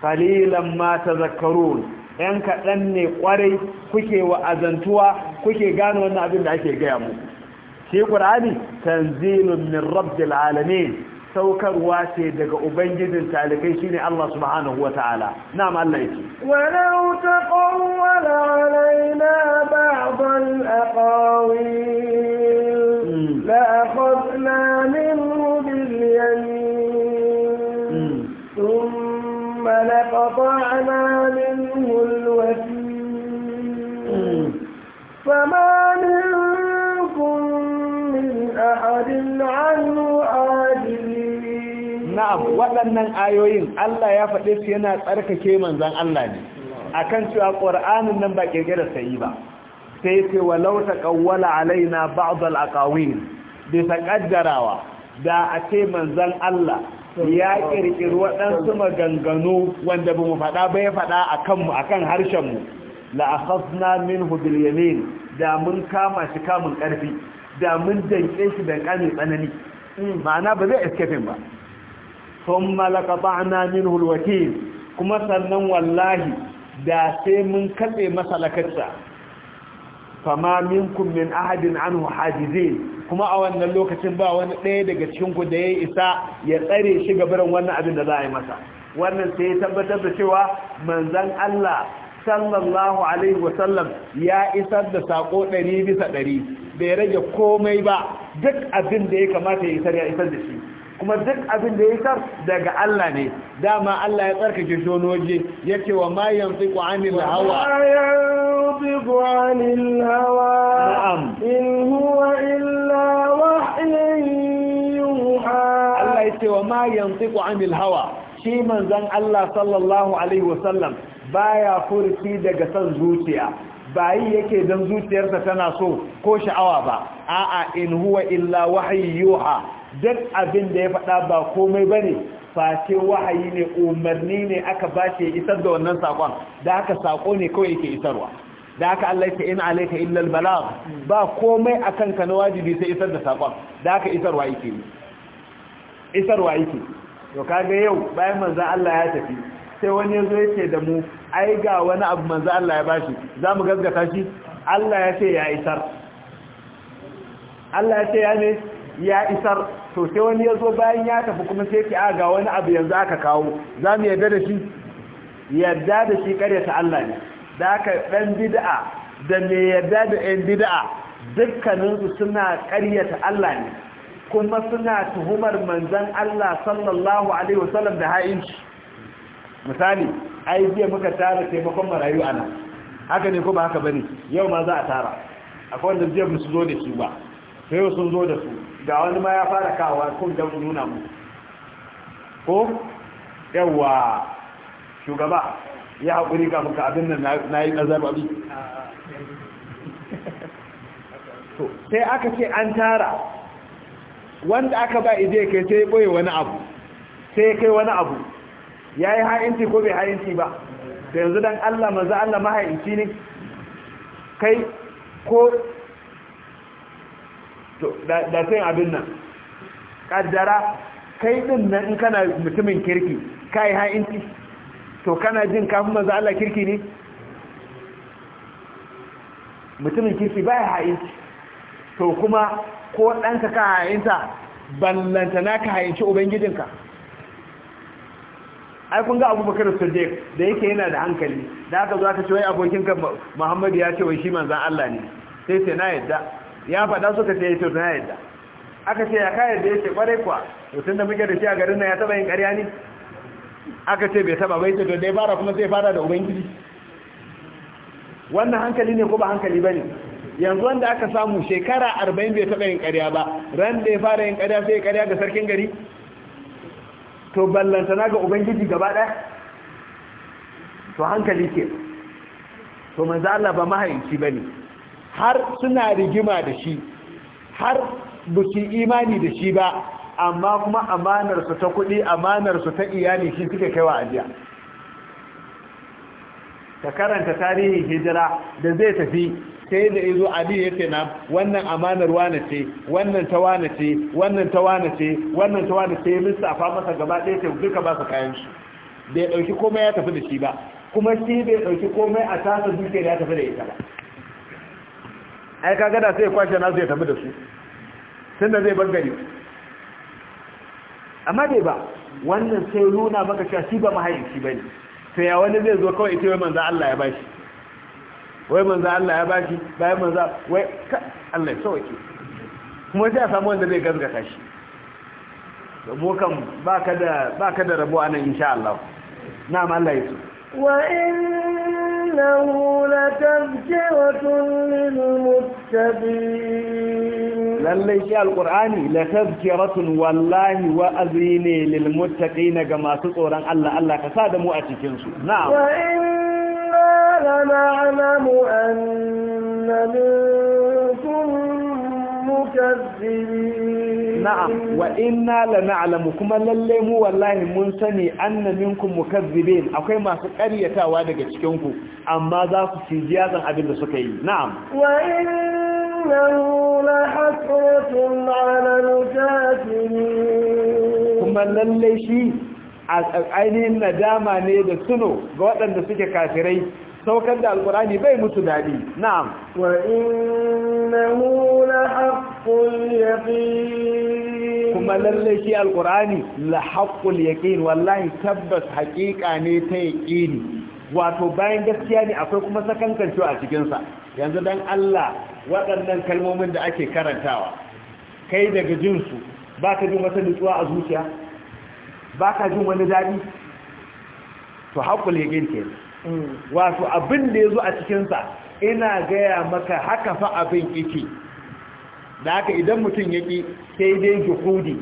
kalilan ma Zakarun, yan kaɗan ne kwarai kuke wa'azantuwa kuke gane wannan abin da ake gaya muku shi qur'ani tanzilun min rabbil alamin saukarwa ce daga ubangijin talibai shine Allah subhanahu wataala na'am Allah yake walau taqawwala alaina ba'd al-aqawil hmm. la akhadna min لقطعنا منه الوثيق فما منكم من أحد عنه عاجلين نعم waɗannan ayoyin Allah ya faɗe su yana tsarkake manzon Allah ne akan cewa Qur'anin nan ba kirkira sai ba sai ce walau taqawwala alaina ba'd al-aqawil bi taqaddarawa da a ce manzon Allah ya kirkiri waɗansu maganganu wanda ba mu faɗa ba faɗa a kanmu a kan harshenmu la'afasna min hudul yamin da mun kama shi kamun ƙarfi da mun danƙe shi da ƙani tsanani ma'ana ba zai fim ba sun malaka ba'ana min hulwakil kuma sannan wallahi da sai mun katse masa lakarsa fama minkum min ahadin anhu hajize kuma a wannan lokacin ba wani ɗaya daga cikin ku da ya isa ya tsare shi birin wannan abin da za a yi masa wannan sai ya tabbatar da cewa manzon Allah sallallahu alaihi wa sallam ya isar da sako ɗari bisa ɗari bai rage komai ba duk abin da ya kamata ya isar ya isar da shi kuma duk abin da ya sar daga Allah ne dama Allah ya tsarkake shi wani waje yake wa ma yantiqu anil hawa yantiqu anil hawa na'am in huwa illa wahyun yuha Allah yake wa ma yantiqu anil hawa shi manzan Allah sallallahu alaihi wasallam baya furci daga san zuciya ba yake don zuciyarsa tana so ko sha'awa ba a'a in huwa illa wahyi yuha duk abin da ya faɗa ba komai ba ne face wahayi ne umarni ne aka ba shi isar da wannan saƙon da haka saƙo ne kawai yake isarwa da haka Allah ya in alaika illal balagh ba komai akan ka na wajibi sai isar da saƙon da haka isarwa yake isarwa yake to kaga yau bayan manzon Allah ya tafi sai wani yazo yace da mu ai ga wani abu manzon Allah ya bashi zamu gaggata shi Allah ya ce ya isar Allah ya ce ya ne ya isar to sai wani ya zo bayan ya tafi kuma sai ki ga wani abu yanzu aka kawo za mu yarda da shi yarda da shi ta Allah ne da aka ɗan bid'a da mai yarda da ɗan bid'a dukkaninsu suna karyata Allah ne kuma suna tuhumar manzan Allah sallallahu alaihi wasallam da ha'inci misali ai jiya muka tara taimakon marayu ana haka ne ko ba haka bane yau ma za a tara akwai wanda jiya musu zo da su ba sai sun zo da su ga wani ma ya fara kawo kun da nuna mu ko yawa shugaba ya haƙuri kafin ka abin nan na yi ƙazar babi sai aka ce an tara wanda aka ba ije kai sai ɓoye wani abu sai kai wani abu ya yi ha'inci ko bai ha'inci ba da yanzu don allah maza allah maha'inci ne kai ko to da sai abin nan kaddara kai din nan in kana mutumin kirki kai ha inci to kana jin kafin manzo Allah kirki ne mutumin kirki baya ha inci to kuma ko ɗanka ka hayinta ballantana ka inci ubangijinka ai kun ga abubakar siddiq da yake yana da hankali da aka zo aka ce wai abokinka muhammadu ya ce wai shi manzan allah ne sai sai na yadda ya faɗa suka ce eh, to na yadda aka ce ya kayar da ya ce ƙwarai kuwa mutum da muke da shi a garin nan ya taɓa yin ƙarya ne aka ce bai taɓa bai to dai fara kuma zai fara da ubangiji wannan hankali ne ko ba hankali ba ne yanzu wanda aka samu shekara arba'in bai taɓa yin ƙarya ba ran da ya fara yin ƙarya sai ya ƙarya ga sarkin gari to na ga ubangiji gaba ɗaya to hankali ke to manzo Allah ba mahaici ba ne har suna rigima da shi har ba su imani da shi ba amma kuma amanarsu ta kuɗi amanarsu ta iyali shi suka kai wa ajiya Ta karanta tarihin hijira da zai tafi sai da izo ali ya ce na wannan amanar wane ce wannan ta wane ce wannan ta wane ce wannan ta wane ce lissafa masa gaba ɗaya ce duka ba su kayan shi bai ɗauki komai ya tafi da shi ba kuma shi bai ɗauki komai a tasa duke da ya tafi da ita ba ai ka da sai kwashe nasu ya tafi da su tunda zai bar gari amma dai ba wannan sai nuna maka cewa shi ba mahaifi ne. sai ya wani zai zo kawai ita wai manzo Allah ya bashi wai manzo Allah ya bashi bayan manzo wai ka Allah ya sauke kuma sai a samu wanda zai gazgata shi Babokan kan baka da baka da rabo anan insha Allah na'am Allah ya so wa in وإنه لتذكرة للمتقين للي شيء القرآن لتذكرة والله وأذين للمتقين كما تطورا الله الله كساد مؤتكنس نعم وإنا لنعلم أن من mukazzibin na'am wa inna lana'lamu kuma lallai mu wallahi mun sani anna minkum mukazzibin akwai masu ƙaryatawa daga cikinku amma za ku ci ziyazan abin da suka yi na'am wa innahu la hasratun 'ala al-kafirin kuma lalle shi a nadama ne da tuno ga waɗanda suke kafirai saukar da alkurani bai mutu daɗi na'am wa innahu la haqqul yaqin kuma lalle shi alkurani la haqqul yaqin wallahi tabbas haƙiƙa ne ta yaqini wato bayan gaskiya ne akwai kuma sakankancewa a cikin sa yanzu dan Allah waɗannan kalmomin da ake karantawa kai daga jin su baka jin wata nutsuwa a zuciya baka jin wani daɗi to haqqul yaqin kenan wato abin da ya zo a cikinsa ina gaya maka haka fa abin yake da haka idan mutum ya ki sai dai juhudi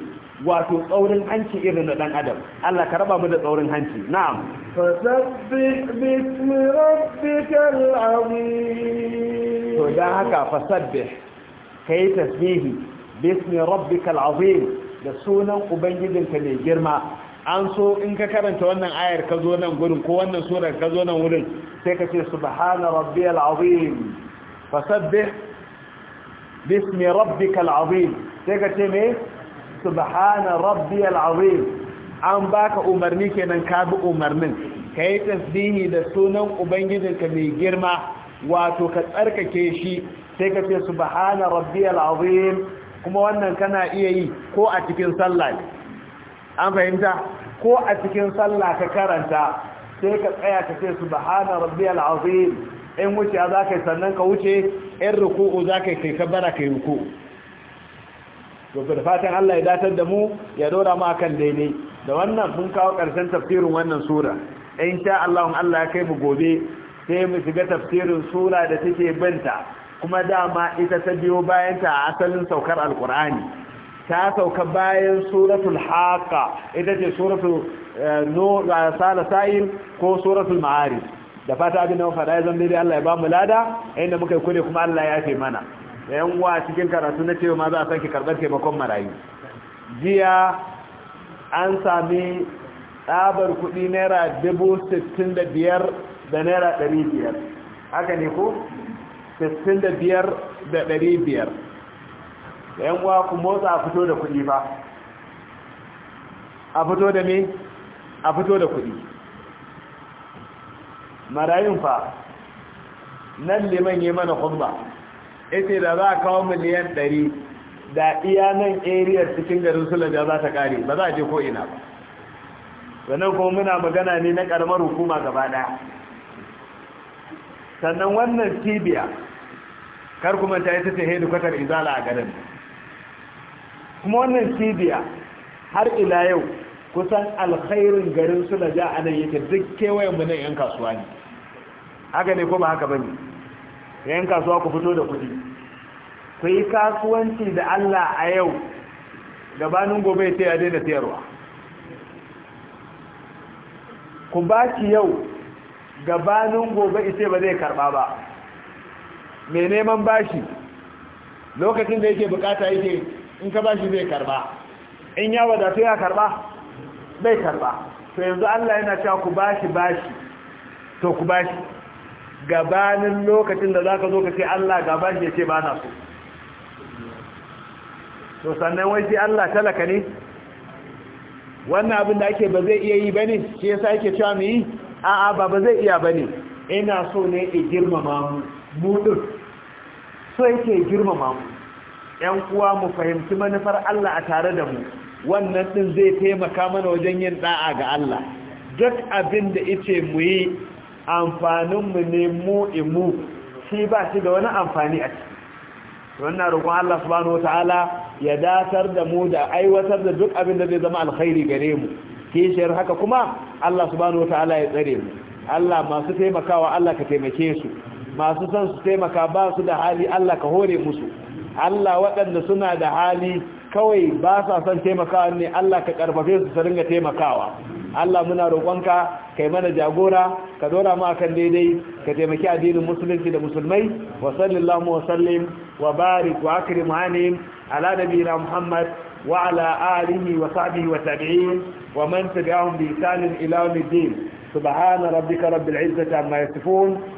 wato tsaurin hanci irin na ɗan adam Allah ka raba mu da tsaurin hanci na'am fasabbih bismi rabbikal azim to dan haka fasabbih kai tasbihi bismi rabbikal azim da sunan ubangijinka mai girma an so in ka karanta wannan ayar ka zo nan gurin ko wannan surar ka zo nan wurin sai ka ce subhana rabbiyal azim fasabbih bismi rabbikal azim sai ka ce me subhana rabbiyal azim an baka umarni kenan ka bi umarnin kai tasbihi da sunan ubangijinka mai girma wato ka tsarkake shi sai ka ce subhana rabbiyal azim kuma wannan kana iya yi ko a cikin sallah an fahimta ko a cikin sallah ka karanta sai ka tsaya ka ce subhana rabbiyal azim in wuce za ka sannan ka wuce in ruku'u za ka kai kabbara ka yi ruku'u to da fatan Allah ya datar da mu ya dora mu akan daidai da wannan mun kawo karshen tafsirin wannan sura in sha Allah Allah ya kai mu gobe sai mu shiga tafsirin sura da take binta kuma dama ita ta biyo bayan ta a asalin saukar alkur'ani ta sauka bayan suratul haqa ita ce suratul eh, eh, salasa'in ko suratul Ma'ari. da fata abin da mu faɗa ya zama dai Allah ya ba mu lada inda muka yi kule kuma Allah ya fi mana yan uwa cikin karatu na cewa ma za a sake karɓar taimakon marayu jiya an sami tsabar kuɗi naira dubu sittin da biyar da naira ɗari biyar haka ne ko sittin da biyar da ɗari biyar yan uwa ku motsa a fito da kuɗi fa a fito da me a fito da kuɗi marayun fa nan liman yi mana khutba ita da za a kawo miliyan ɗari da iya nan area cikin garin sulaja za ta kare ba za a je ko ina ba sannan kuma muna magana ne na karamar hukuma gaba daya sannan wannan cibiya kar kuma ta yi ta ce hedikwatar izala a garin kuma wannan cibiya har ila yau kusan alkhairin garin ja a nan yake duk kewayen mu nan 'yan kasuwa ne haka ne ko ba haka bane yan kasuwa ku fito da kuɗi ku yi kasuwanci da Allah a yau gabanin gobe sai a daina sayarwa ku ba ki yau gabanin gobe ita ba zai karba ba mai neman bashi lokacin da yake bukata yake in ka bashi zai karba in ya wadatu ya karba bai karba to yanzu Allah yana cewa ku bashi bashi to ku bashi gabanin lokacin da zaka zo ka ce Allah ga bashi ya ce ba na so to sannan wai shi Allah talaka ne wannan abin da ake ba zai iya yi bane shi yasa yake cewa mu yi a'a ba ba zai iya bane ina so ne in girmama mu mu din so yake girmama mu ‘yan kuwa mu fahimci manufar Allah a tare da mu wannan ɗin zai taimaka mana wajen yin ɗa'a ga Allah duk abin da ice mu yi amfaninmu ne mu imu shi ba shi da wani amfani a ciki wannan roƙon Allah subhanahu ta'ala ya datar da mu da aiwatar da duk abin da zai zama alkhairi gare mu kishiyar haka kuma Allah subhanahu ta'ala ya tsare mu Allah masu taimakawa Allah ka taimake su masu son su taimaka ba su da hali Allah ka hore musu Allah waɗanda suna da hali kawai ba sa son taimakawa ne Allah ka karfafe su su ringa taimakawa Allah muna roƙonka kai mana jagora ka dora mu akan daidai ka taimaki addinin musulunci da musulmai wa sallallahu wa sallim wa barik wa akrim hanim ala nabiyina Muhammad wa ala alihi wa sahbihi wa tabi'in wa man tabi'ahum bi ihsan ila yawm الدين سبحان ربك رب العزة عما